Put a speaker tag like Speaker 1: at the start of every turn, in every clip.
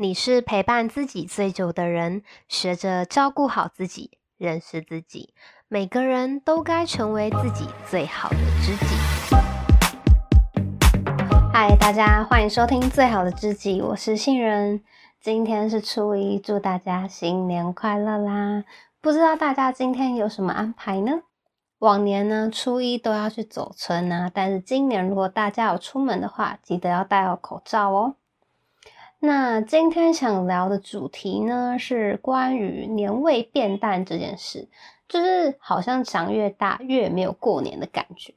Speaker 1: 你是陪伴自己最久的人，學着照顧好自己，認識自己。每個人都該成為自己最好的知己。嗨，大家歡迎收聽《最好的知己》，我是杏仁。今天是初一，祝大家新年快樂啦！不知道大家今天有什麼安排呢？往年呢，初一都要去走村呢，但是今年如果大家有出門的話，記得要戴好口罩哦。那今天想聊的主題呢，是關於年味變淡這件事，就是好像長越大越沒有過年的感覺。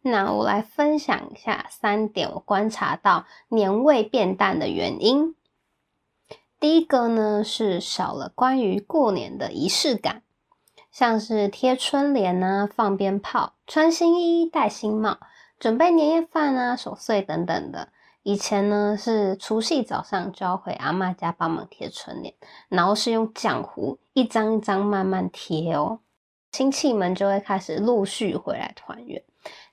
Speaker 1: 那我來分享一下三點我觀察到年味變淡的原因。第一個呢，是少了關於過年的儀式感，像是貼春聯啊、放鞭炮、穿新衣、戴新帽、準備年夜飯啊、守歲等等的。以前呢，是除夕早上就要回阿嬤家幫忙貼春聯，然後是用漿糊一張一張慢慢貼哦。親戚們就會開始陸續回來團圓，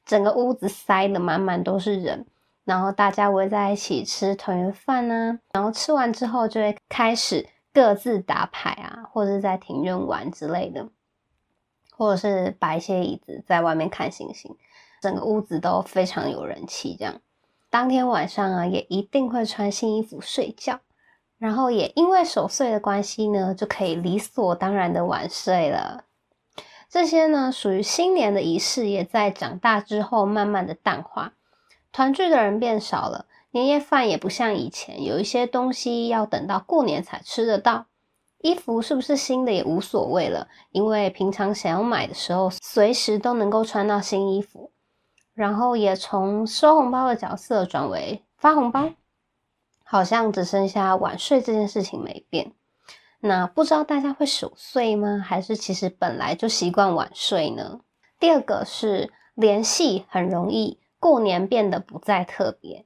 Speaker 1: 整個屋子塞得滿滿都是人，然後大家圍在一起吃團圓飯啊，然後吃完之後就會開始各自打牌啊，或者是在庭院玩之類的，或者是擺一些椅子在外面看星星，整個屋子都非常有人氣，這樣。當天晚上啊，也一定會穿新衣服睡覺，然後也因為守歲的關係呢，就可以理所當然的晚睡了。這些呢，屬於新年的儀式，也在長大之後慢慢的淡化。團聚的人變少了，年夜飯也不像以前，有一些東西要等到過年才吃得到。衣服是不是新的也無所謂了，因為平常想要買的時候，隨時都能夠穿到新衣服。然後也從收紅包的角色轉為發紅包，好像只剩下晚睡這件事情沒變。那不知道大家會守歲嗎？還是其實本來就習慣晚睡呢？第二個是聯繫很容易，過年變得不再特別，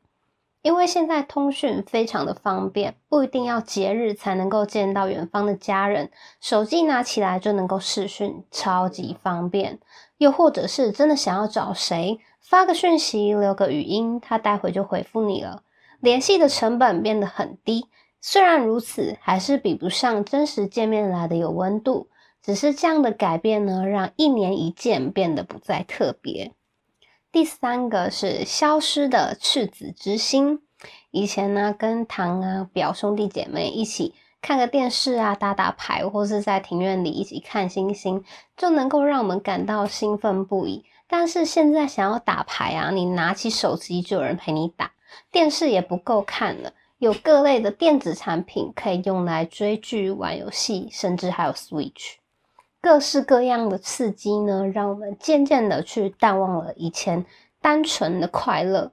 Speaker 1: 因為現在通訊非常的方便，不一定要節日才能夠見到遠方的家人，手機拿起來就能夠視訊，超級方便。又或者是真的想要找誰，發個訊息，留個語音，他待會就回復你了。聯繫的成本變得很低，雖然如此，還是比不上真實見面來的有溫度。只是這樣的改變呢，讓一年一見變得不再特別。第三個是消失的赤子之心。以前呢、啊，跟堂啊、表兄弟姐妹一起看個電視啊，打打牌，或是在庭院裡一起看星星，就能夠讓我們感到興奮不已。但是現在想要打牌啊，你拿起手機就有人陪你打，電視也不夠看了，有各類的電子產品可以用來追劇、玩遊戲，甚至還有 Switch，各式各樣的刺激呢，讓我們漸漸的去淡忘了以前單純的快樂。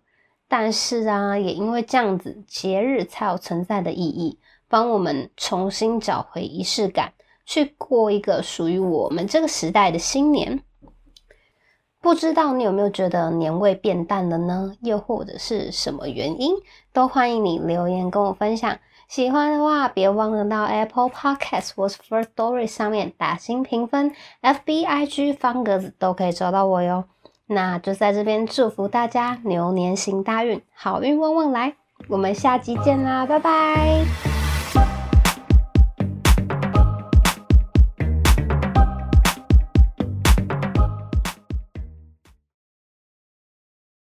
Speaker 1: 但是啊，也因為這樣子，節日才有存在的意義，幫我們重新找回儀式感，去過一個屬於我們這個時代的新年。不知道你有沒有覺得年味變淡了呢？又或者是什麼原因？都歡迎你留言跟我分享。喜歡的話，別忘了到 Apple Podcast 或是 Firstory 上面打星評分。F B I G 方格子都可以找到我喲。那就在這邊祝福大家牛年行大運，好運旺旺來。我們下集見啦，拜拜。